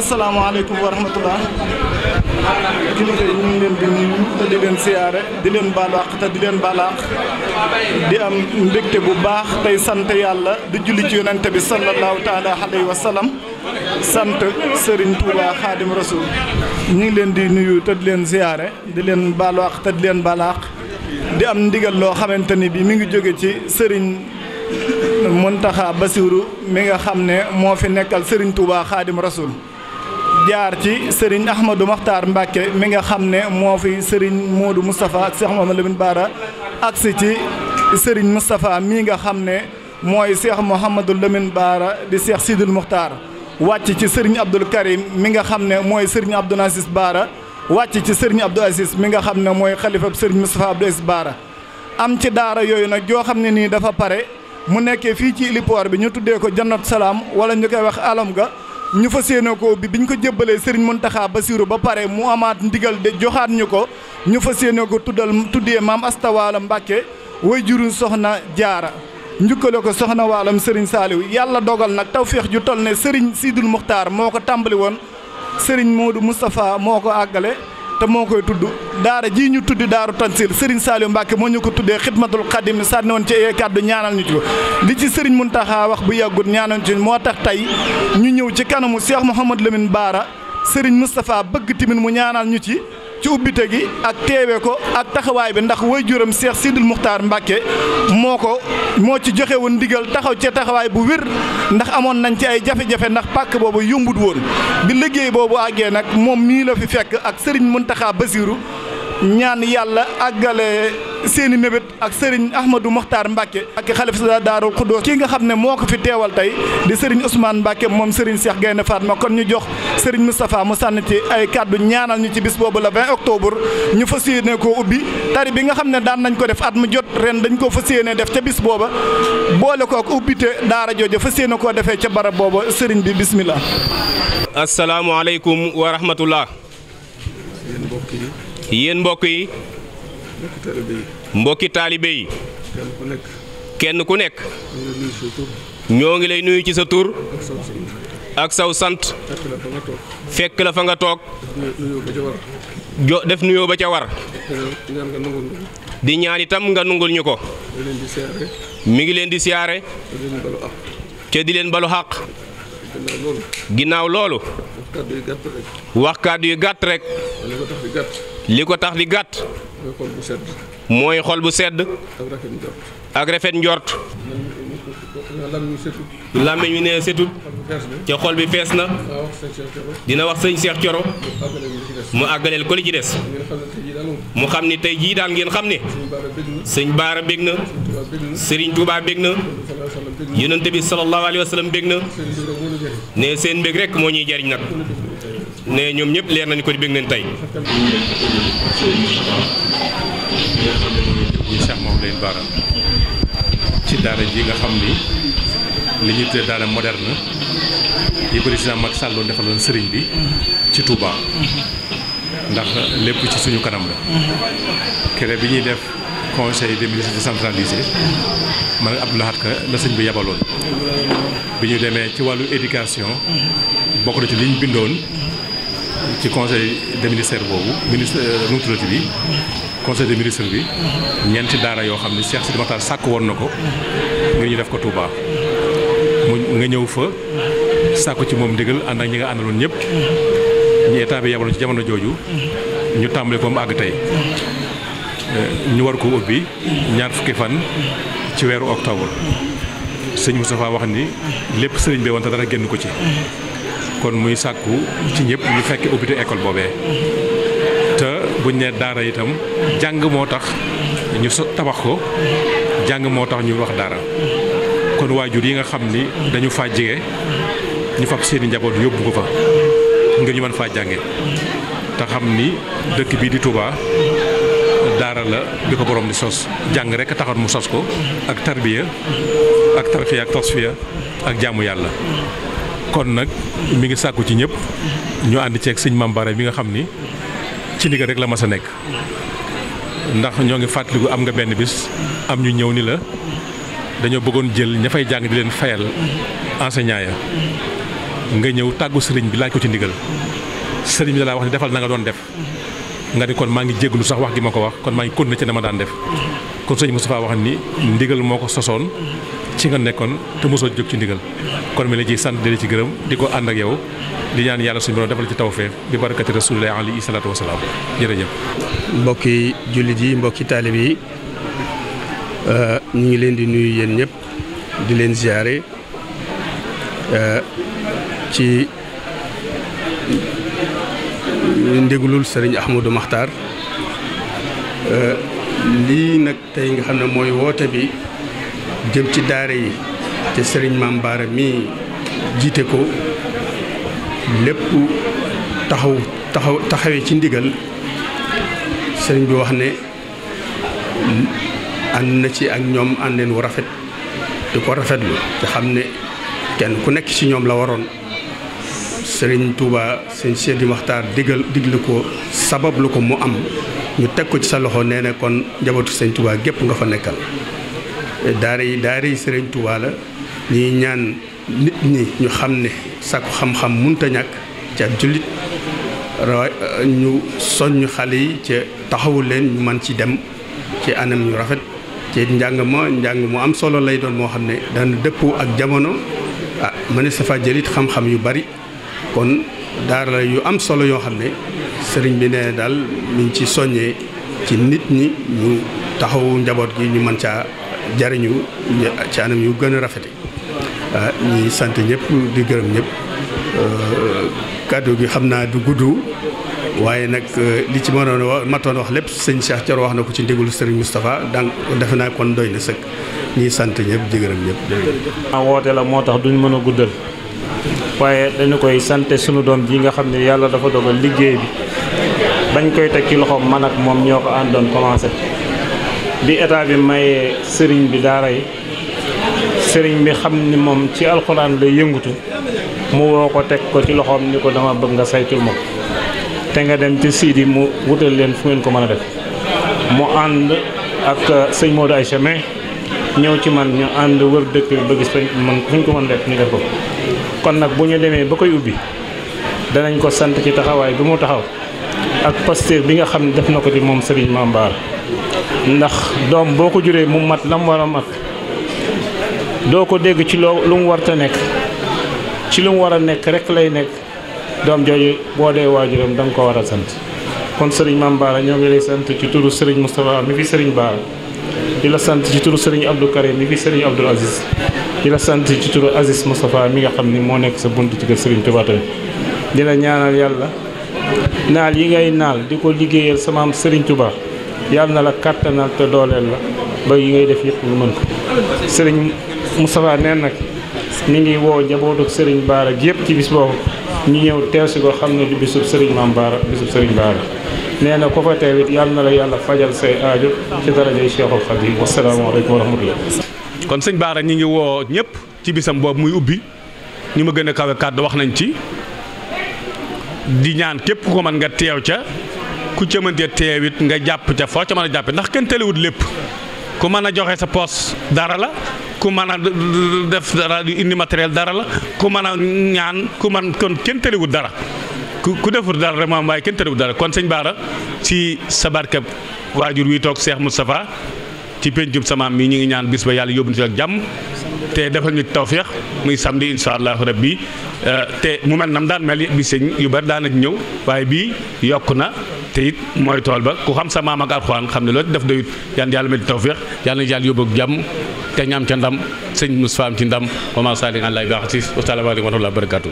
asalaamaaleykum wa rahmatullah kilifa yi ñu leen di nuyu te di leen siyaare di leen baalu te di leen baalaax di am mbégte bu baax tey sant yàlla di julli ci bi sallallahu taala wa sallam sant Serigne Touba Khadim Rasoul ñu ngi leen di nuyu te leen siyaare di leen baalu àq leen baalaax di am ndigal loo xamante ni bi mi ngi jóge ci Serigne Mountakha Bassirou mi nga xam ne moo fi nekkal Serigne Touba Khadim Rasoul jaar ci sëriñ Ahmadou Makhtar Mbacke mi nga xam ne moo fi sëriñ Modou Moustapha ak Cheikh Mouhamadou Lamine Bara agsi ci sëriñ Moustapha mii nga xam ne mooy Cheikh Mouhamadou Lamine Bara di Cheikh Sidil Mukhtar wàcc ci sëriñ Abdoul Karim mi nga xam ne mooy sëriñ Abdoul Aziz baara wàcc ci sëriñ Abdoul Aziz mi nga xam ne mooy xalifa sëriñ Moustapha Abdoul Aziz Bara am ci daara yooyu nag joo xam ne nii dafa pare mu nekkee fii ci héliport bi ñu tuddee ko Jannat Salaam wala ñu koy wax alam ñu fa yéene ko bi bi ñu ko jébbalee Serigne Mountakha Bassirou ba pare mu amaat ndigal de joxaat ñu ko ñu fa yéene ko tuddal tuddee maam Asta Walo Mbàkke way juru soxna jaara njukkale ko soxna waalam Serigne Saliou yàlla dogal nag tawféex ju toll ne Serigne Sidul Muxtaar moo ko tàmbali woon Serigne Modou Moustapha moo ko àggale te moo koy tudd daara jii ñu tuddi daaru tansil Serigne Saliou Mbacke moo ñu ko tuddee xidmatul xadim sànni woon ci kàddu ñaanal ñu ci ko li ci Serigne Mountakha wax bu yàggut ñaanal ci moo tax tey ñu ñëw ci kanamu Cheikh Mouhamad Lamine Baara Serigne Moustapha bëgg timin mu ñaanal ñu ci ci ubbite gi ak teewe ko ak taxawaay bi ndax way juram Cheikh Sidil Muxtaar Mbàkke moo ko moo ci joxe woon ndigal taxaw cee taxawaay bu wér ndax amoon nañ ci ay jafe-jafe ndax pàkk boobu yumbut woon bi liggéey boobu àggee nag moom mii la fi fekk ak sëriñ Muntaxa Basiiru ñaan yàlla àggale seeni mebet ak serigne Ahmadou Mokhtar Mbacke ak xalif sa daarul Xuddoos ki nga xamne moko fi teewal tay di serigne Ousmane Mbacke mom serigne Cheikh gayna Fatma kon ñu jox serigne mustapha mu sànni ay cadeau ñaanal ñu ci bis bobu le 20 octobre ñu fassiyene ko ubbi tari bi nga xamne daan nañ ko def at mu jot ren dañ ko fassiyene def ci bis booba boole kook ubbite daara dara jojje fassiyene ko defé ci barab bobu serigne bi bismillah alaykum wa rahmatullah yéen mbokk yi mbokki taalibe yi. mbokki taalibe yi. kenn ku nekk. ñoo ngi lay nuyu ci sa tur. ak saw sant. fekk la fa nga toog. jo def nuyoo ba ca war. di ñaan itam nga nungul ñu ko. mi ngi leen di siyaare. ca di leen balu xàq. ginnaaw loolu. wax kàddu yu gàtt rek. liko tax di gàtt. moy xol bu sedd. ak rafet njort. lamiñu ne setut ci xol bi fessna dina wax seigne Cheikh Thioro mu agalel ko li ci dess mu xamni tay ji dal ngeen xamni seigne bara begna seigne Touba begna na tabi sallallahu alaihi wasallam begna ne seen bég rek mo ñi jariñ nak ne ñoom ñëpp leer nañu ko di bég nañ tey. Cheikh Mawlid Bara ci daara ji nga xam ni li ñuy tuddee daara moderne yi président Macky Sall doon defaloon sëriñ bi ci Touba. ndax lépp ci suñu kanam la. kere bi ñuy def conseil des ministres décentralisé man Abdou Lahad Ka bi yabaloon. bi ñu demee ci wàllu éducation. bokk na ci liñ bindoon. ci conseil des ministères boobu ministre euh, nu bi conseil de ministres bi ñeenti daara yoo xam ne Cheikh Sidi sàkku woon na ko ngir ñu def ko Touba mu nga ñëw fa sàkku ci moom ndigal ànd ak ñi nga àndaloon ñëpp ñu état bi yabaloon ci jamono jooju ñu tàmbali ko mu àgg tey euh, ñu war ko ubbi ñaar fukki fan ci weeru octobre sëñ Moustapha wax ni lépp sëriñ bi wante dara génn ko ci kon muy sakku ci ñepp ñu fekk ubbite école bobé te buñ né dara itam jang moo tax ñu tabax ko jàng moo tax ñu wax dara kon wajur yi nga xamni dañu fa jige ñu fa seeni njabot yobbu ko fa nga ñu man fa jangé ta xamni dëkk bi di Touba dara la bi borom di sos jang rek taxat mu sos ko ak tarbiya ak tarfiya ak tasfiya ak jaamu yalla kon nag mi ngi sakku ci ñëpp ñu and ci ak Mame mambaray bi nga xamni ci ndigal rek la ma a nek ndax ñoo ngi fàttaliku am nga benn bis am ñu ñew ni la dañu bëggoon jël ña fay di leen fayal enseignant ya nga ñew taggu sëriñ bi laaj ko ci ndigal sëriñ bi la wax ni defal na nga doon def nga ni kon ma ngi jéglu sax wax gi mako wax kon ma ngi continuer ci dama daan def kon sëñ Moustapha wax ni ndigal moko ko ci nga nekkoon te mosoo jóg ci ndigal kon mi la sant di ci gërëm di ko ànd ak yow di ñaan yàlla suñu borom defal ci tawfeex bi barakati rasulillahi alayhi salaatu wasalaam jërëjëf. mbokki jullit yi mbokki taalib yi ñu ngi leen di nuyu yéen ñëpp di leen ziare ci ndéglul sëriñ Ahmadou Makhtar lii nag tey nga xam ne mooy woote bi. jëm ci daara yi te sëriñ Maam Baara mii jiite ko lépp taxaw taxaw taxawee ci ndigal sëriñ bi wax ne ànd na ci ak ñoom àndeen wu rafet di ko rafet rafetlu te xam ne kenn ku nekk ci ñoom la waroon sëriñ Touba sëñ Seydi Maxtaar digal digle ko sabab lu ko mu am ñu teg ko ci sa loxo nee ne kon njabootu sëñ Touba gépp nga fa nekkal daara yi daara yi sëriñ tuwaala la ñuy ñaan nit ñi ñu xam ne sàkku xam-xam munta ñàkk ci ab jullit ñu soññ xale yi ci taxawu leen ñu man ci dem ci anam ñu rafet ci njàng ma njàng mu am solo lay doon moo xam ne dana dëppoo ak jamono ah mënees na fa jëlit xam-xam yu bari kon daara la yu am solo yoo xam ne sëriñ bi nee daal mi ci soññee ci nit ñi ñu taxawu njaboot gi ñu man caa jariñu ci anam yu gën a rafete ah, ñi sant ñëpp di gërëm ñëpp ah, kàddu gi xam naa du gudd waaye nag ah, li ci mënoon wax matoon wax lépp sëñ Cheikh Thioro wax na ko ci ndigalu Serigne Moustapha donc defe naa kon doy na sëkk ñi sant ñëpp di gërëm ñëpp. maa woote la moo tax duñ mën a guddal waaye dañu koy sant sunu doom ji nga xam ne yàlla dafa dogal liggéey bi bañ koy teg ci loxo man ak moom ñoo ko doon commencé. bi état bi mayee sëriñ bi daara yi sëriñ bi xamni mom ci alxuraan lay yëngutu mu woko tek ko ci loxom ni ko dama bëgg nga saytul moom te nga dem ci sidi mu wutal leen fu ngeen ko mëna def mu and ak euh, sëñ Modou ay chemin ñew ci man ñu and wër dëkk bi ba gis man mën fuñ ko mëna def ni def ko kon nak bu ñu ba koy ubbi danañ ko sant ci taxaway bi mu taxaw ak pasteur bi nga xamni def nako di mom serigne mambar ndax doom boo ko juree mu mat la mu war a mat doo ko dégg ci loo lu mu war warta nekk ci lu mu war a nekk rek lay nekk doom jooju boo dee waajuram da nga ko war a sant kon sëriñ Mame Bara ñoo ngi lay sant ci turu sëriñ Moustapha mi fi sëriñ Bara di la sant ci turu sëriñ Abdou Karim mi fi sëriñ Abdoul Aziz di la sant ci turu Aziz Moustapha mi nga xam ni moo nekk sa bunt ci kër sëriñ Touba tamit di la ñaanal yàlla naal yi ngay naal di ko liggéeyal sama am sëriñ yàlla na la kàttanal te dooleel la ba yi ngay def yëpp ñu mën ko sëriñ Moustapha neen nag mi ngi woo njabootu sëriñ Baara gi yëpp ci bis boobu ñu ñëw teew si ko xam ne di bisub sëriñ Maam Baara bisub sëriñ Baara nee na ko fa teewit yàlla na la yàlla fajal say aajo ci darajay Cheikhul Khadim wasalaamaaleykum wa rahmatullah kon sëñ Baara ñu ngi woo ñëpp ci bisam boobu muy ubbi ñi ma gën a kawe kàddu wax nañ ci di ñaan képp ko mën nga teew ca ku ca mënte teewit nga japp ci fo ci mëna japp jàppe ndax kenn telewut lépp ku mëna a sa poste dara la ku mëna a def dara indi matériel dara la ku mëna a ñaan ku man kon kenn telewut dara ku ku defut dara rek moom waaye kenn telewut dara kon señ Baara ci sa barké wajur wi tok Cheikh mustapha ci pencum sama mi ñi ngi ñaan bis ba yàlla ci ak jam te defal ñu tawfiq muy samedi inshallah rabbi euh, te mu mel nam daan mel bi señ yu bar daana te it mooy tool ba ku xam sa maam ak alxuraan xam ne loo ci def doyut yaan yàlla mel ni tawféex yàlla yàlla yóbbu ak jàmm te ñaam ca ndam sëñ Moussa am ci ndam wa maa saali allah bi axasis wasalaamaaleykum wa la barakaatu